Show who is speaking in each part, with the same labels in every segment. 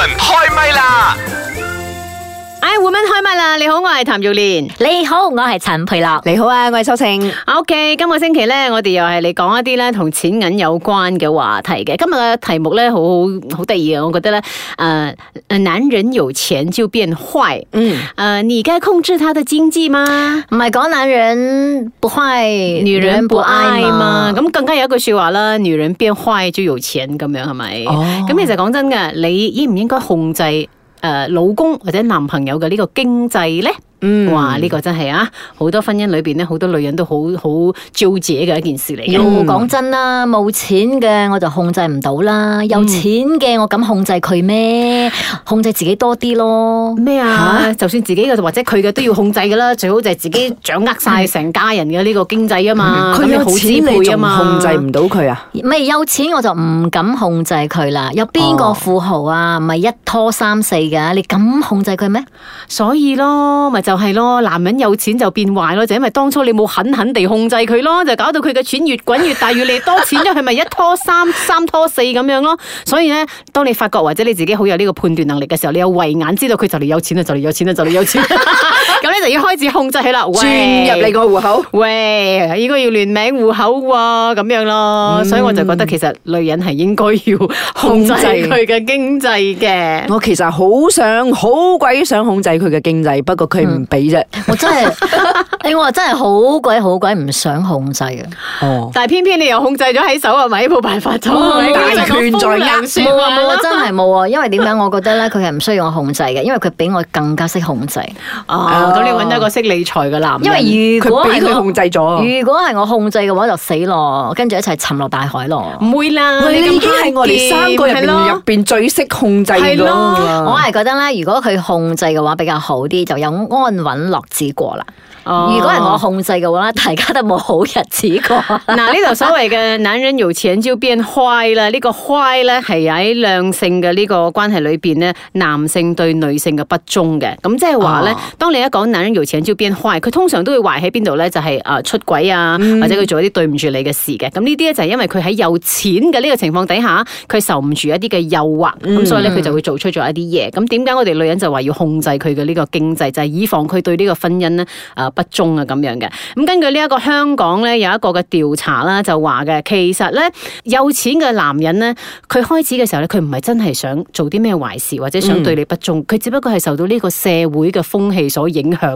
Speaker 1: 開麥啦！開嘜啦？Iwoman，你好，我係譚玉蓮。你好，我係陳佩樂。你好啊，我係秋晴。
Speaker 2: OK，今個星期咧，我哋又係嚟講一啲咧同錢銀有關嘅話題嘅。今日嘅題目咧，好好好得意啊！我覺得咧，誒、呃，男人有錢就變壞。嗯。誒、呃，你而家控制他的經濟嗎？唔係，講男人不壞，女人不愛嘛。咁，嗯、更加有一句說話啦，女人變壞就有錢咁樣，係咪？是是哦。咁其實講真嘅，你應唔應該控制？哦誒、呃、老公或者男朋友嘅呢個經濟咧？嗯，哇！呢個真係啊，好多婚姻裏邊咧，好多女人都好好招姐嘅一件事嚟。又講、嗯、
Speaker 1: 真啦，冇錢嘅我就控制唔到啦，嗯、有錢嘅我敢控制佢咩？控制自己多啲咯。咩
Speaker 2: 麼啊？就算自己嘅或者佢嘅都要控制噶啦，最好就係自己掌握晒成家人嘅呢個
Speaker 1: 經濟啊嘛。佢好姊妹啊嘛，控制唔到佢啊？係有錢我就唔敢控制佢啦。有邊個富豪啊？唔係一拖三四噶？你敢控制佢咩？哦、所以咯，咪就。就係咯，男人有錢就變壞咯，就因為當初你冇狠狠地
Speaker 2: 控制佢咯，就搞到佢嘅錢越滾越大，越嚟越多錢因，佢咪一拖三，三拖四咁樣咯。所以咧，當你發覺或者你自己好有呢個判斷能力嘅時候，你有慧眼知道佢就嚟有錢啦，就嚟有錢啦，就嚟有錢。 就要開始控制起啦，轉入你個戶口，喂，應該要聯名戶口喎，咁樣咯，所以我就覺得其實女人係應該要控制佢
Speaker 3: 嘅經濟嘅。我其實好想，好鬼想控制佢嘅經濟，不過佢唔俾啫。我真係，你我真係好鬼好鬼
Speaker 1: 唔想控制嘅。哦，但係偏偏你又控制咗喺手啊，咪冇辦法咗，大權在握啊！冇啊，真係冇啊，因為點解？我覺得咧，佢係唔需要我控制嘅，因為佢比我更加識控制。哦，搵到一個識理財嘅男人，因為如果俾佢控制咗。如果係我控制嘅話，就死咯，跟住一齊沉落大海咯。唔會啦，你已經係我哋三個入邊入邊最識控制嘅。咯我係覺得咧，如果佢控制嘅話比較好啲，就有安穩樂子過啦。哦、如果係我控制嘅話，大家都冇好日子過。嗱， 呢度所
Speaker 2: 謂嘅男人有錢就變壞啦，呢、呢個壞咧係喺兩性嘅呢個關係裏邊咧，男性對女性嘅不忠嘅。咁即係話咧，哦、當你一講嗯、有錢就變壞？佢通常都會壞喺邊度咧？就係誒出軌啊，或者佢做一啲對唔住你嘅事嘅。咁呢啲咧就係因為佢喺有錢嘅呢個情況底下，佢受唔住一啲嘅誘惑，咁、嗯、所以咧佢就會做出咗一啲嘢。咁點解我哋女人就話要控制佢嘅呢個經濟，就係以防佢對呢個婚姻咧誒不忠啊咁樣嘅。咁根據呢一個香港咧有一個嘅調查啦，就話嘅其實咧有錢嘅男人咧，佢開始嘅時候咧，佢唔係真係想做啲咩壞事，或者想對你不忠，佢只不過係受到呢個社會嘅風氣所影響。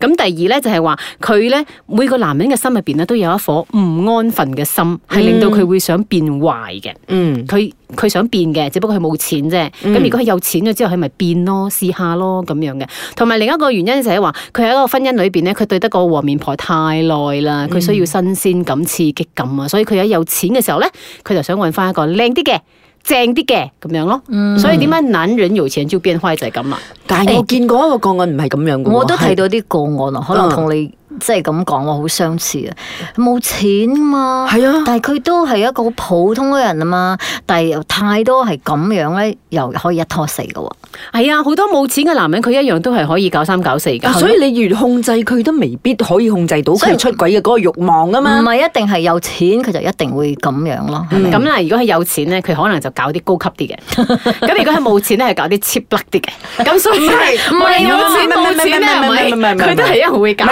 Speaker 2: 咁，第二咧就係話佢咧每個男人嘅心入邊咧都有一顆唔安分嘅心，係、嗯、令到佢會想變壞嘅。嗯，佢佢想變嘅，只不過佢冇錢啫。咁、嗯、如果佢有錢咗之後，佢咪變試咯，試下咯咁樣嘅。同埋另一個原因就係話佢喺一個婚姻裏邊咧，佢對得個黃面婆太耐啦，佢需要新鮮感、刺激感啊，嗯、所以佢喺有錢嘅時候咧，佢就想揾翻一個靚啲嘅。正
Speaker 1: 啲嘅咁樣咯，嗯、
Speaker 2: 所以點解男人有錢就變壞就係咁啊？
Speaker 1: 但係我見過一個個案唔係咁樣嘅，欸、是我都睇到啲個案啊，是可能同你。嗯即係咁講，好相似啊！冇錢嘛，係啊，但係佢都係一個普通嘅人啊嘛。但係又太多係咁樣咧，又可以一拖四嘅喎。係啊，好多冇錢嘅男人，佢一樣都係可以搞三搞四嘅。所以你越控制佢，都未必可以控制到佢出
Speaker 3: 軌嘅嗰個慾
Speaker 2: 望啊嘛。唔係
Speaker 1: 一定係有錢，佢就一定會咁樣咯。咁
Speaker 2: 啦，如果係有錢咧，佢可能就搞啲高級啲嘅；咁如果係冇錢咧，係搞啲 cheap black 啲嘅。咁所以唔
Speaker 3: 係有錢冇錢咩？唔係佢都係一個會搞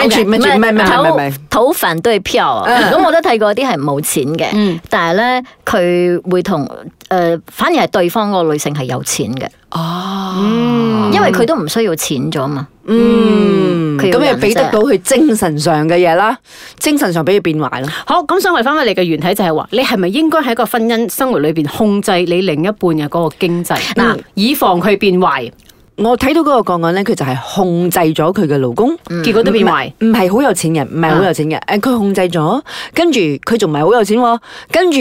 Speaker 3: 唔係唔係唔係，
Speaker 1: 討飯都係嫖。咁我都睇過啲係冇錢嘅，嗯、但係咧佢會同誒、呃，反而係對方個女性係有錢嘅。哦，因為佢都唔需要錢咗嘛。嗯，咁又俾得到
Speaker 3: 佢精神上嘅嘢啦，精神上俾佢變壞啦。好，咁
Speaker 2: 想回翻翻你嘅原體就，就係話你係咪應該喺個婚姻生活裏邊控制你另一半嘅嗰個經濟，嗱、嗯，以防佢變壞。
Speaker 3: 我睇到嗰個個案呢，佢就係控制咗佢嘅老公，結果都變壞，唔係好有錢人，唔係好有錢人，誒、啊，佢控制咗，跟住佢仲唔係好有錢喎，跟住。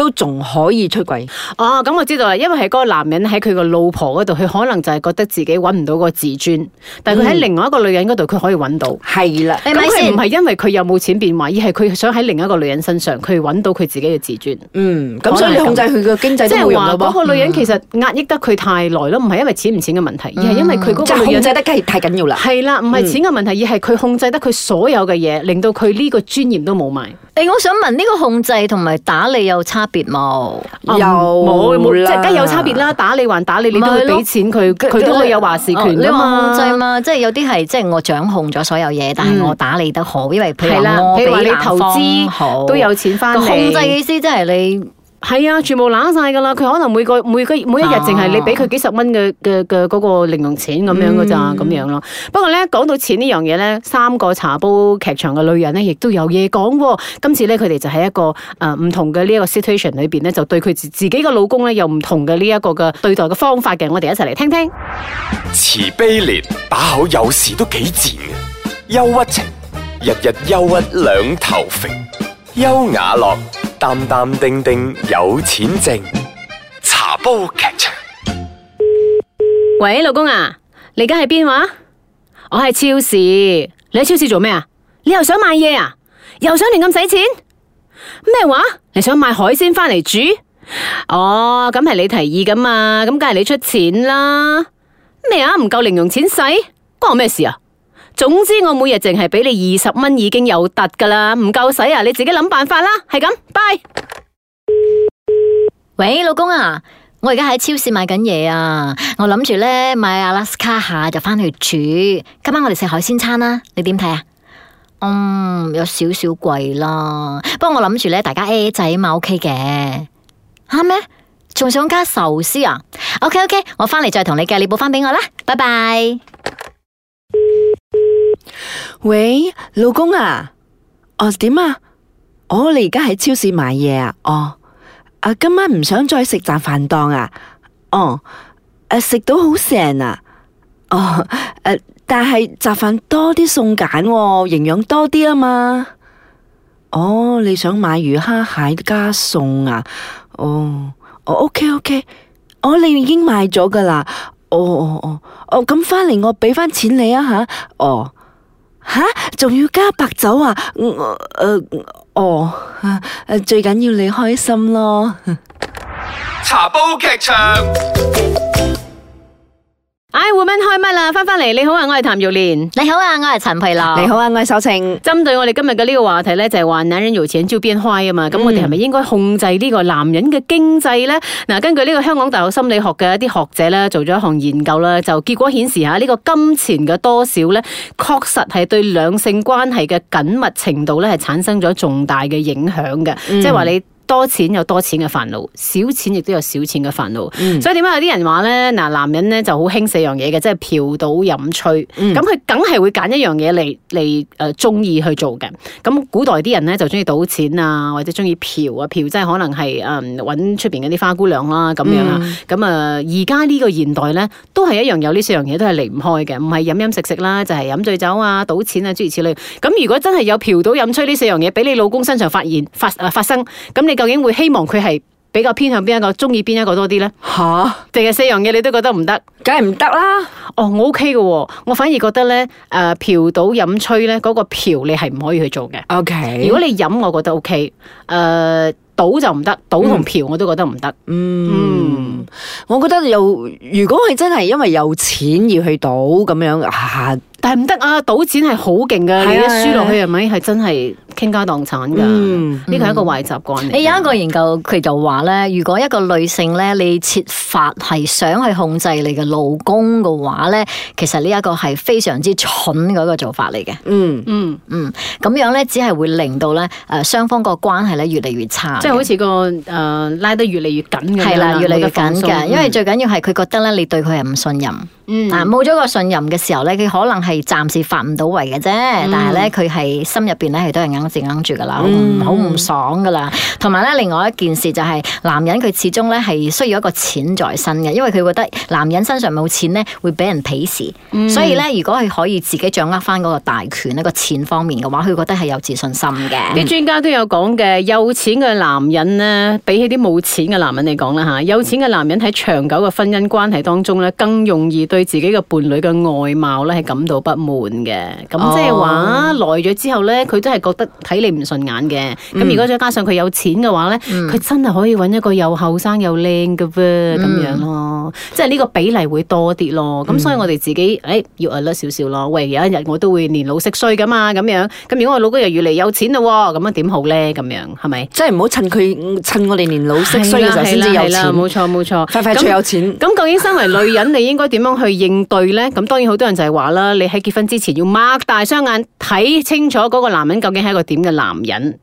Speaker 3: 都仲可以出軌哦！
Speaker 2: 咁我知道啦，因為係嗰個男人喺佢個老婆嗰度，佢可能就係覺得自己揾唔到個自尊，
Speaker 3: 但係佢喺另
Speaker 2: 外一個女人嗰度，佢可以揾到。係啦、嗯，咁係唔係因為佢有冇錢變壞，而係佢想喺另一個女人身上，佢揾到佢自己嘅自尊？嗯，咁能所以你控制佢個經濟，即係話嗰個女人其實壓抑得佢太耐咯，唔係因為錢唔錢嘅問題，而係因為佢個女人，嗯、為個控制得太緊要、嗯、啦。係啦，唔係錢嘅問題，而係佢控制得佢所有嘅嘢，令到佢呢個尊嚴都
Speaker 1: 冇埋。誒，我想問呢個控制同埋打理有差別冇？有冇啦？即係梗有差別啦，打理還打理，你都會俾錢佢，佢都可以有話事權。你話控制嘛，即係有啲係即係我掌控咗所有嘢，但係我打理得好，因為譬如話我俾你投資，好，都有錢翻。控制嘅意思即係你。係啊，全部揦晒噶啦，佢
Speaker 2: 可能每個每個每一日淨係你俾佢幾十蚊嘅嘅嘅嗰個零用錢咁、嗯、樣噶咋咁樣咯。不過咧，講到錢呢樣嘢咧，三個茶煲劇場嘅女人咧，亦都有嘢講、啊。今次咧，佢哋就喺一個誒唔、呃、同嘅呢一個 situation 裏邊咧，就對佢自自己個老公咧有唔同嘅呢一個嘅對待嘅方法嘅。我哋一齊嚟聽聽。
Speaker 3: 慈悲念把口有時都幾賤嘅，憂鬱情日日憂鬱兩頭肥，優雅樂。淡淡定定，有錢剩，茶煲劇場。
Speaker 2: 喂，老公啊，你而家喺邊話？我喺超市，你喺超市做咩啊？你又想買嘢啊？又想亂咁使錢？咩話？你想買海鮮翻嚟煮？哦，咁係你提議噶嘛？咁梗係你出錢啦。咩啊？唔夠零用錢使？關我咩事啊？總之我每日淨係俾你二十蚊已經有突噶啦，唔夠
Speaker 1: 使啊，你自己諗辦法啦，係咁，拜。喂，老公啊，我而家喺超市買緊嘢啊，我諗住咧買阿拉斯卡下就翻去煮，今晚我哋食海鮮餐啦，你點睇啊？嗯，有少少貴啦，不過我諗住咧，大家 AA 仔啊嘛，OK 嘅吓咩？仲想加壽司啊？OK OK，我翻嚟再同你計，你報翻俾我啦，拜拜。
Speaker 3: 喂，老公啊，哦點啊？哦，你而家喺超市買嘢啊？哦，啊，今晚唔想再食雜飯檔啊？哦，誒、啊，食到好成啊？哦，誒、啊，但係雜飯多啲餸揀，營養多啲啊嘛？哦，你想買魚、蝦、蟹加餸啊？哦，我、哦、OK OK，我、哦、你已經買咗噶啦。哦哦哦，哦咁返嚟，我俾翻錢你啊吓？哦。哦哦哦吓，仲要加白酒啊！嗯呃呃、哦，啊、最緊要你開心咯。茶煲劇場。Iwoman 開嘜啦？翻翻嚟，你
Speaker 2: 好啊，我係譚玉蓮。你好啊，我係陳佩樂。你好啊，我係手晴。針對我哋今日嘅呢個話題咧，就係話男人有錢就變壞啊嘛。咁、嗯、我哋係咪應該控制呢個男人嘅經濟呢？嗱，根據呢個香港大學心理學嘅一啲學者咧，做咗一項研究啦，就結果顯示吓呢個金錢嘅多少咧，確實係對兩性關係嘅緊密程度咧，係產生咗重大嘅影響嘅，即係話你。多錢有多錢嘅煩惱，少錢亦都有少錢嘅煩惱。嗯、所以點解有啲人話咧？嗱，男人咧就好興四樣嘢嘅，即係嫖賭飲吹。咁佢梗係會揀一樣嘢嚟嚟誒中意去做嘅。咁古代啲人咧就中意賭錢啊，或者中意嫖啊嫖，即係可能係誒揾出邊出面嗰啲花姑娘啦咁樣啊。咁啊、嗯，而家呢個現代咧都係一樣有呢四樣嘢，都係離唔開嘅。唔係飲飲食食啦，就係、是、飲醉酒啊、賭錢啊、諸如此類。咁如果真係有嫖賭飲吹呢四樣嘢俾你老公身上發現發誒發生，咁你？究竟會希望佢係比較偏向邊一個，中意邊一個多啲咧？吓，定係四樣嘢你都覺得唔得？梗係唔得啦！哦，我 OK 嘅，我反而覺得咧，誒，嫖賭飲吹咧，嗰個嫖你係唔可以去做嘅。OK，如果你飲，我覺得 OK。誒，賭就唔得，賭同嫖我都覺得唔得。
Speaker 3: 嗯，我覺得又如果係真係因為有錢而去賭咁樣啊，但係唔得啊！賭錢係好勁㗎，你一輸落去係咪係真係？傾家蕩產噶呢個係一個壞
Speaker 1: 習慣嚟。你有一個研究，佢就話咧，如果一個女性咧，你設法係想去控制你嘅老公嘅話咧，其實呢一個係非常之蠢嗰個做法嚟嘅。嗯嗯嗯，咁、嗯、樣咧，只係會令到咧，誒，雙方個關係咧越嚟越差。即係好
Speaker 2: 似、嗰個誒、呃、拉得越嚟越緊咁樣啦，越嚟越緊嘅，因為
Speaker 1: 最緊要係佢覺得咧，你對佢係唔信任。嗯嗱，冇咗個信任嘅時候咧，佢可能係暫時發唔到威嘅啫。嗯、但係咧，佢係心入邊咧係都係硬住硬住噶啦，好唔、嗯、爽噶啦。同埋咧，另外一件事就係、是、男人佢始終咧係需要一個錢在身嘅，因為佢覺得男人身上冇錢咧會俾人鄙視。嗯、所以咧，如果係可以自己掌握翻嗰個大權一、嗰個錢方面嘅話，佢覺得係有自信心嘅、嗯。啲專
Speaker 2: 家都有講嘅，有錢嘅男人咧，比起啲冇錢嘅男人嚟講啦吓，有錢嘅男人喺長久嘅婚姻關係當中咧，更容易對。佢自己嘅伴侶嘅外貌咧，係感到不滿嘅。咁即係話，耐咗、哦、之後咧，佢真係覺得睇你唔順眼嘅。咁、嗯、如果再加上佢有錢嘅話咧，佢、嗯、真係可以揾一個又後生又靚嘅噃咁樣咯。即係呢個比例會多啲咯。咁所以我哋自己誒、哎嗯、要愛甩少少咯。喂，有一日我都會年老色衰嘅嘛，咁樣，咁如果我老公又越嚟有錢嘞，咁樣點好咧？咁樣，係咪？即係唔好趁佢趁我哋年老色衰就先至有啦。冇錯，冇錯，快快脆有錢。咁究竟身為女人，你應該點樣去？應對咧，咁當然好多人就係話啦，你喺結婚之前要擘大雙眼睇清楚嗰個男人究竟係一個點嘅男人。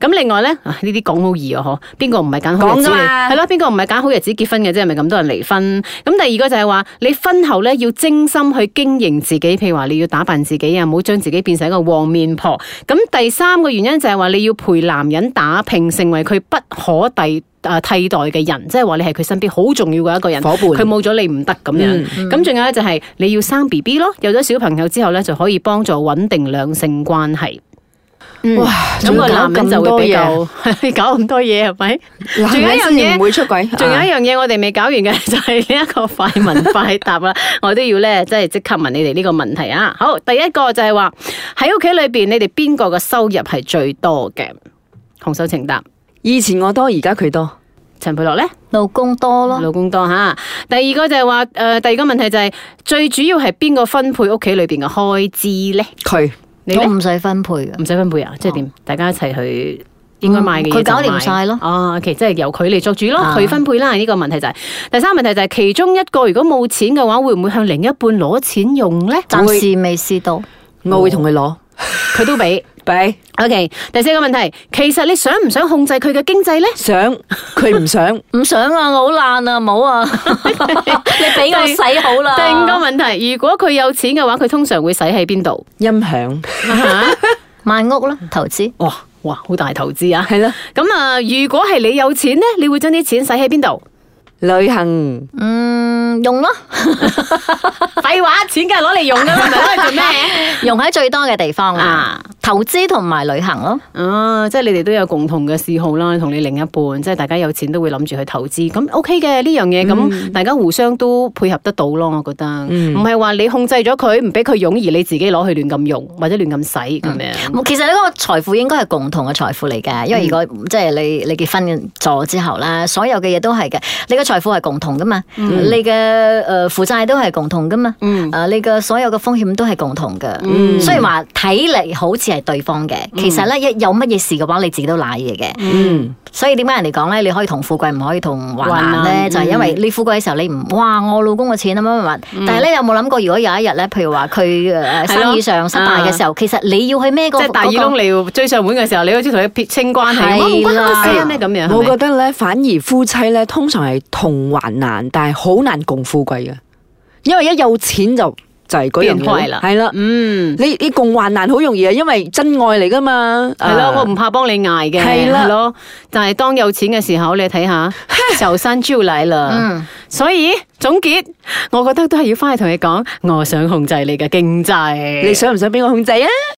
Speaker 2: 咁另外咧，呢啲講好易啊，嗬？邊個唔係揀好日子？係咯吧，邊個唔係揀好日子結婚嘅啫？咪咁多人離婚。咁、嗯、第二個就係話，你婚後咧要精心去經營自己，譬如話你要打扮自己啊，唔好將自己變成一個黃面婆。咁、嗯、第三個原因就係話，你要陪男人打拼，成為佢不可抵。誒、啊，替代嘅人，即係話你係佢身邊好重要嘅一個人，伙伴，佢冇咗你唔得咁樣。咁仲、嗯嗯、有咧就係你要生 B B 咯，有咗小朋友之後咧就可以幫助穩定兩性關係。嗯、哇！咁個、嗯、要男人就會比較，你 搞咁多嘢係咪？仲有一樣嘢會出軌，仲有一樣嘢我哋未搞完嘅就係、呢、一個快問快答啦， 我都要咧即係即刻問你哋呢個問題啊！好，第一個就係話喺屋企裏邊，你哋邊個嘅收入係最多嘅？紅手請答。以
Speaker 3: 前我多，而家佢多。陳佩樂咧，老公多
Speaker 2: 咯。老公多吓。第二個就係話，誒，第二個問題就係，最主要係邊個分配屋企裏邊嘅開支咧？佢你咧？都唔使分配嘅，唔使分配啊？即係點？大家一齊去應該買嘅，佢搞掂晒咯。啊，OK，即係由佢嚟作主咯，佢分配啦。呢個問題就係，第三問題就係，其中一個如果冇錢嘅話，會唔會向另一半攞錢用咧？暫時
Speaker 1: 未試到，我會同佢攞，
Speaker 2: 佢都俾。o、okay. k 第四個問題，其實你想唔想控制佢嘅經濟呢？想，佢唔想，唔 想啊！我好爛
Speaker 1: 啊，冇啊， 你俾我洗好啦。第五個
Speaker 2: 問題，如果佢有錢嘅話，佢通常會使喺邊度？音響響、 買屋啦，投資。哇哇，好大投資啊！係咯的，咁啊，如果係你有錢呢，你會將啲錢使喺邊度？
Speaker 1: 旅行，嗯，用咯，
Speaker 2: 廢 話，錢梗係攞嚟用㗎，唔
Speaker 1: 攞嚟做咩？用喺 最多嘅地方啦，啊、投資同埋旅行咯。嗯、啊，
Speaker 2: 即係你哋都有共同嘅嗜好啦，同你另一半，即係大家有錢都會諗住去投資，咁 OK 嘅呢樣嘢，咁、嗯、大家互相都配合得到咯，我覺得，唔係話你控制咗佢，唔
Speaker 1: 俾佢用而你自己攞去亂咁用或者亂咁使咁樣。其實呢個財富應該係共同嘅財富嚟噶，因為如果、嗯、即係你你結婚咗之後啦，所有嘅嘢都係嘅，你個。財富係共同噶嘛，嗯啊、你嘅誒負債都係共同噶嘛，誒、嗯啊、你嘅所有嘅風險都係共同嘅，雖然話睇嚟好似係對方嘅，其實咧一有乜嘢事嘅話，你自己都瀨嘢嘅。嗯嗯所以點解人哋講咧，你可以同富貴，唔可以同患呢、嗯、就係因為你富貴嘅時候，你唔，哇我老公嘅錢乜乜乜，什麼什麼嗯、但係咧有冇諗過，如果有一日咧，譬如話
Speaker 3: 佢誒生意上失敗嘅時候，啊、其實你要去咩、嗰個？即係大耳窿嚟
Speaker 2: 追上門嘅時候，啊、你可以同佢撇清關係。係啦，我覺
Speaker 3: 得咧，反而夫妻咧，通常係同患難，但係好難共富貴嘅，因為一有錢就。就係嗰樣嘢啦，係啦， 嗯，你你共患難好容易啊，因為真愛嚟噶嘛，係咯了，啊、我唔怕
Speaker 2: 幫你挨嘅，係咯對了，但係當有錢嘅時候，你睇下， 就生朱麗啦，嗯、所以總結，我覺得都係要翻去同你講，我想控制你嘅經濟，你想唔想俾我控制啊？